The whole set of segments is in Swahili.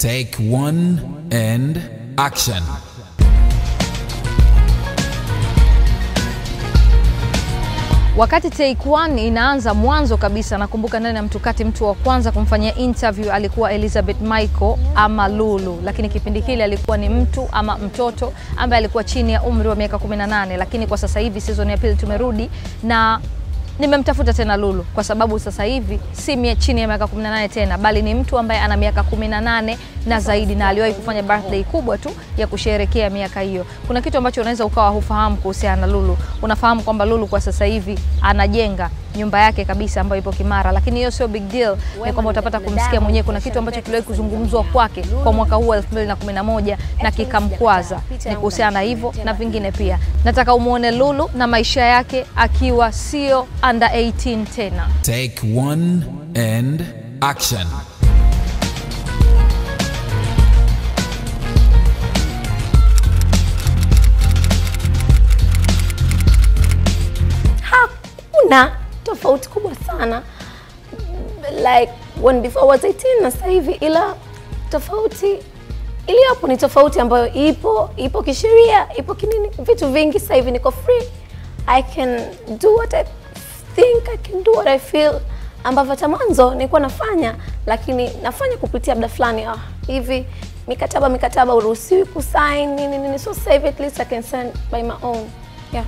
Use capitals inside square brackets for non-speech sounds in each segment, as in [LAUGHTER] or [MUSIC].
Take one and action. Wakati Take One inaanza mwanzo kabisa, nakumbuka ndani ya Mtukati mtu wa kwanza kumfanyia interview alikuwa Elizabeth Michael ama Lulu, lakini kipindi kile alikuwa ni mtu ama mtoto ambaye alikuwa chini ya umri wa miaka 18, lakini kwa sasa hivi season ya pili tumerudi na Nimemtafuta tena Lulu kwa sababu sasa hivi si mie chini ya miaka 18 tena, bali ni mtu ambaye ana miaka 18 na zaidi, na aliwahi kufanya birthday kubwa tu ya kusherekea miaka hiyo. Kuna kitu ambacho unaweza ukawa hufahamu kuhusiana na Lulu. Unafahamu kwamba Lulu kwa sasa hivi anajenga nyumba yake kabisa ambayo ipo Kimara, lakini hiyo sio big deal, ni kwamba utapata kumsikia mwenyewe. Kuna kitu ambacho kiliwahi kuzungumzwa kwake kwa mwaka huu 2011 na kikamkwaza, ni kuhusiana na hivyo na vingine pia. Nataka umwone Lulu na maisha yake akiwa sio under 18 tena. Take one and action. Hakuna tofauti kubwa sana like when before I was 18 na sasa hivi, ila tofauti iliyopo ni tofauti ambayo ipo ipo kisheria, ipo kinini, vitu vingi. Sasa hivi niko free, I can do what I think, I can do what I feel, ambavyo hata mwanzo nilikuwa nafanya, lakini nafanya kupitia muda fulani. Ah, hivi mikataba mikataba uruhusiwi kusign nini nini, so sasa hivi at least I can sign by my own yeah.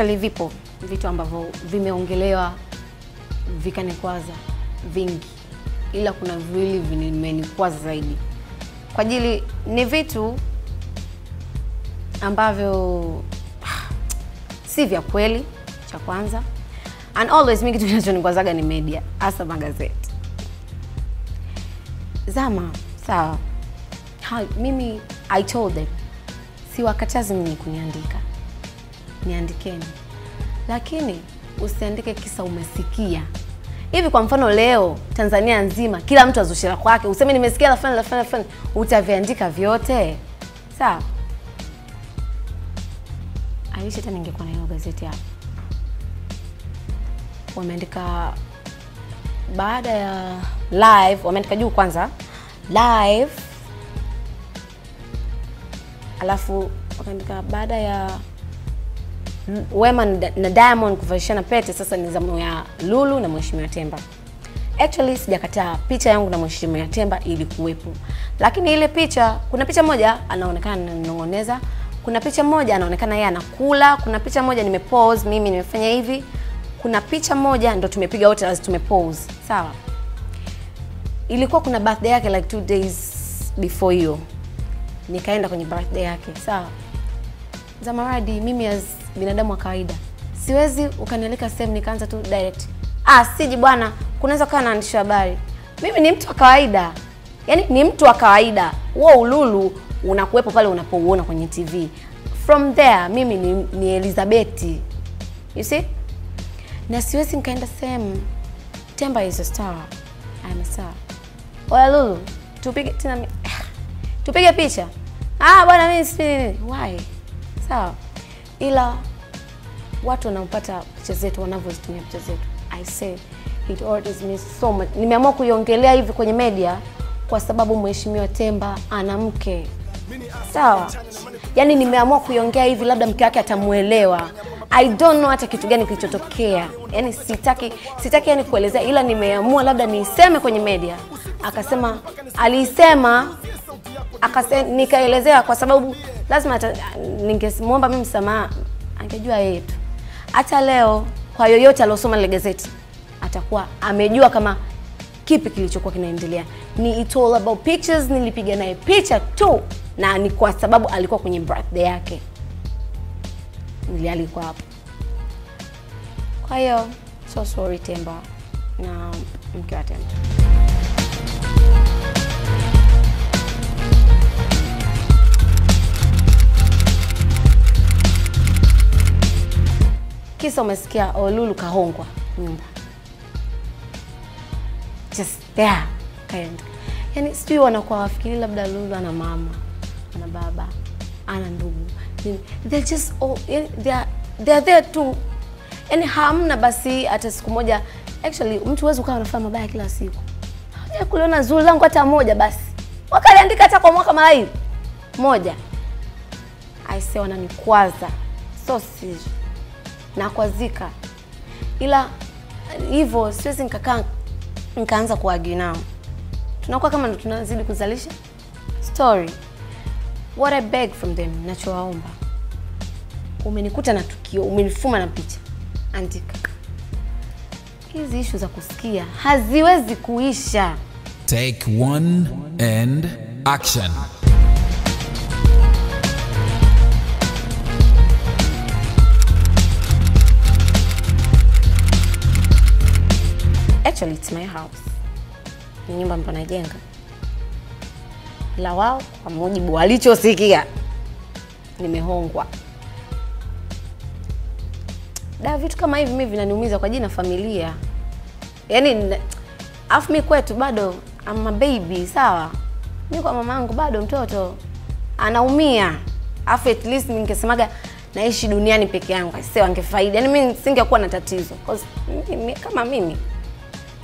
actually vipo vitu ambavyo vimeongelewa vikanikwaza vingi, ila kuna viwili vimenikwaza zaidi kwa ajili ni vitu ambavyo ah, si vya kweli cha kwanza and always mi kitu kinachonikwazaga ni media hasa magazeti zama sawa mimi i told them siwakatazi mwenye kuniandika niandikeni, lakini usiandike kisa umesikia hivi. Kwa mfano leo Tanzania nzima kila mtu azushira kwake, useme nimesikia la fulani la fulani la fulani, utaviandika vyote sawa? Aisha, hata ningekuwa na hiyo gazeti hapo, wameandika baada ya live, wameandika juu kwanza live, alafu wakaandika baada ya Wema na Diamond kuvalishana pete sasa ni zamu ya Lulu na Mheshimiwa Temba. Actually sijakataa picha yangu na Mheshimiwa Temba ilikuwepo, lakini ile picha, kuna picha moja anaonekana ananong'oneza, kuna picha moja anaonekana yeye anakula, kuna picha moja nimepose mimi nimefanya hivi, kuna picha moja ndo tumepiga wote as tumepose, sawa. Ilikuwa kuna birthday yake like two days before hiyo, nikaenda kwenye birthday yake, sawa. Zamaradi, mimi as binadamu wa kawaida siwezi ukanialika sehemu nikaanza tu direct ah siji bwana kunaweza kuwa na habari mimi ni mtu wa kawaida yani ni mtu wa kawaida huo ululu unakuwepo pale unapouona kwenye tv from there mimi ni, ni elizabeti you see na siwezi nikaenda sehemu temba is a star I'm a star oya lulu tupige tena [SIGHS] tupige picha ah bwana mimi si why sawa so, ila watu wanaopata picha zetu wanavyozitumia picha zetu i say it orders me so much nimeamua kuiongelea hivi kwenye media kwa sababu mheshimiwa temba ana mke sawa yaani nimeamua kuiongea hivi labda mke wake atamuelewa i don't know hata kitu gani kilichotokea yani sitaki sitaki yani kuelezea ila nimeamua labda niiseme kwenye media akasema aliisema akase, nikaelezea kwa sababu lazima ningemwomba mimi msamaha, angejua yeye tu. Hata leo kwa yoyote aliosoma lile gazeti atakuwa amejua kama kipi kilichokuwa kinaendelea. Ni it all about pictures, nilipiga naye picha tu, na ni kwa sababu alikuwa kwenye birthday yake, nilialikwa hapo. Kwa hiyo so sorry Temba na mke wa Temba. kisa umesikia Olulu kahongwa nyumba just there kaenda. Yani sijui wanakuwa wafikiri labda Lulu ana mama, ana baba, ana ndugu. They're just all, yani, they're, they're there too. Yani hamna basi hata siku moja. Actually mtu huwezi ukawa unafanya mabaya kila siku. ya kuliona zuri langu hata moja basi. Wakaliandika hata kwa mwaka mara moja. Aise wananikwaza. So serious na zika, ila hivyo siwezi nikakaa nikaanza kuagi nao, tunakuwa kama tunazidi kuzalisha story. What I beg from them, nachowaomba, umenikuta na tukio, umenifuma na picha, andika. Hizi ishu za kusikia haziwezi kuisha. Take one and action. Actually, it's my house. Ni nyumba ambayo najenga. La wao kwa mujibu walichosikia nimehongwa. Da, vitu kama hivi mimi vinaniumiza kwa jina familia. Yaani afu mimi kwetu bado a baby sawa. Mimi kwa mamangu bado mtoto anaumia. Afu at least ningesemaga naishi duniani peke yangu, sio angefaidi. Yaani mimi singekuwa na tatizo. Cause mimi, kama mimi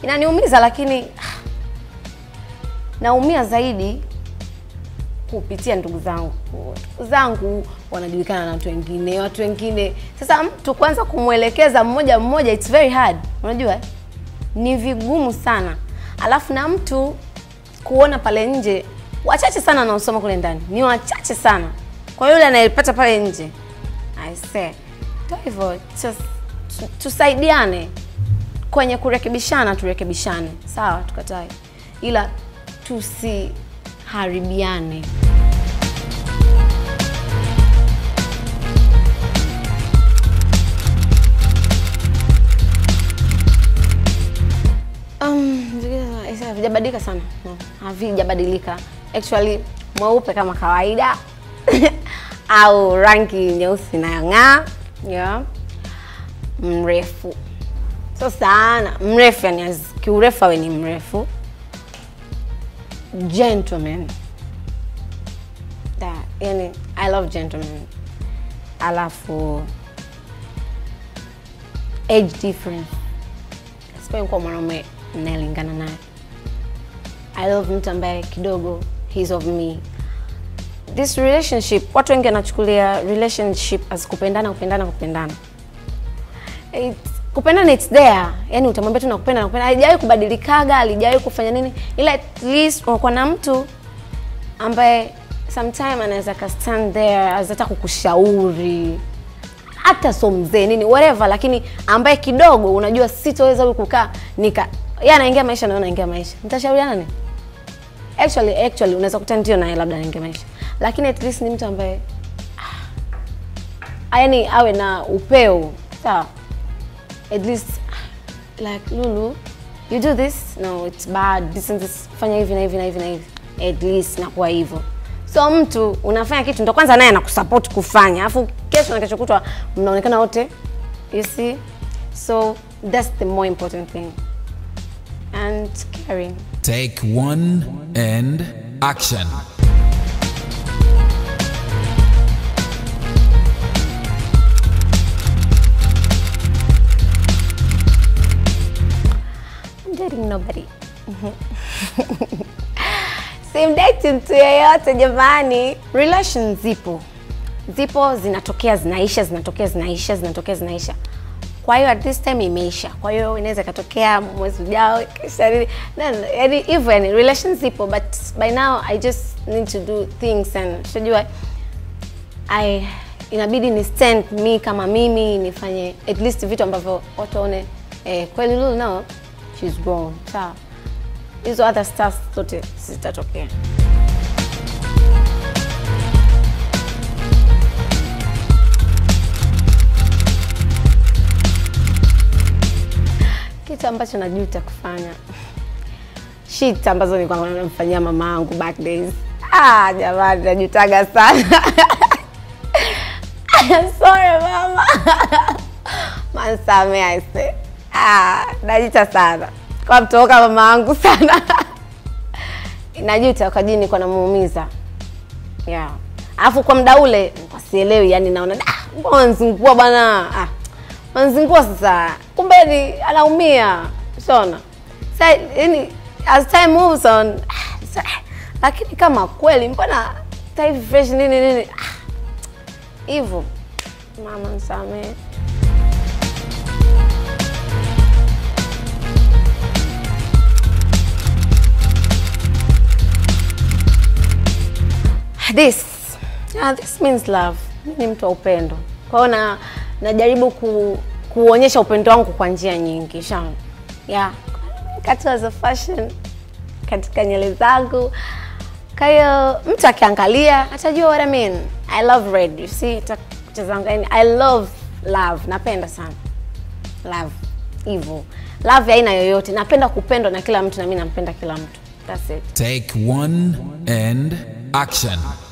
inaniumiza, lakini naumia zaidi kupitia ndugu zangu. Ndugu zangu wanajulikana na watu wengine, watu wengine. Sasa mtu kwanza kumwelekeza mmoja mmoja, it's very hard, unajua ni vigumu sana, alafu na mtu kuona pale nje, wachache sana wanaosoma kule ndani, ni wachache sana. Kwa yule anayepata pale nje, I say, hivyo tusaidiane kwenye kurekebishana turekebishane, sawa, tukatae, ila tusiharibiane. Um, havijabadilika sana havijabadilika actually, mweupe kama kawaida [LAUGHS] au rangi nyeusi inayong'aa, yeah. mrefu so sana mrefu, yani kiurefu awe ni mrefu, gentleman da, yani I love gentleman, alafu age difference, sipendi kuwa mwanaume ninayelingana naye. I love mtu ambaye kidogo he's of me this relationship, watu wengi wanachukulia relationship as kupendana kupendana kupendana. It, kupenda ni it's there yani utamwambia tu nakupenda nakupenda Haijawahi kubadilikaga alijawahi kufanya nini ila at least unakuwa na mtu ambaye sometime anaweza ka stand there aweza kukushauri hata so mzee nini whatever lakini ambaye kidogo unajua sitoweza huyu kukaa nika yeye anaingia maisha na wewe unaingia maisha nitashauriana nini actually actually unaweza kuta ndio naye labda anaingia maisha lakini at least ni mtu ambaye ah, yani awe na upeo sawa at least like Lulu, you do this? No, it's bad. This and this. Fanya hivi na hivi na hivi na hivi. At least nakuwa hivyo. So mtu unafanya kitu ndo kwanza naye anakusupport kufanya. Alafu kesho na kesho kutwa mnaonekana wote. You see? So that's the more important thing. And caring. Take one and action. dating nobody. Simdate [LAUGHS] mtu yeyote jamani. Relations zipo, zipo zinatokea, zinaisha, zinatokea, zinaisha, zinatokea, zinaisha. Kwa hiyo at this time imeisha, kwa hiyo inaweza ikatokea mwezi ujao, kisha nini, yani hivyo, yani relations zipo, but by now I just need to do things and unajua I inabidi ni stand me kama mimi nifanye at least vitu ambavyo watu waone eh, kweli Lulu nao she's born. Cha. Hizo other stars zote zitatokea. Kitu ambacho najuta kufanya shit ambazo nilikuwa namfanyia mama angu back days. Ah, jamani najutaga sana. [LAUGHS] Sorry mama. [LAUGHS] Mansamee I say. Ah, najuta sana kwa mtooka mama wangu sana najuta kwa jini kwa namuumiza yeah. Alafu kwa mda ule sielewi, yani naona ah, mbona wanzingua bwana ah, wanzingua sasa, kumbe ni anaumia shona yani, as time moves on ah, sa, lakini kama kweli mbona sasa fresh nini nini ah, hivyo ah, mama nisamehe. this. Yeah, this means love. Mimi ni mtu wa upendo. Kwa hiyo na najaribu ku, kuonyesha upendo wangu kwa njia nyingi. Shamu. Yeah. Katika za fashion katika nywele zangu. Kwa hiyo mtu akiangalia atajua what I mean. I love red. You see, tazangani. I love love. Napenda sana. Love. Hivyo. Love ya aina yoyote. Napenda kupendwa na kila mtu na mimi nampenda kila mtu. That's it. Take one and action.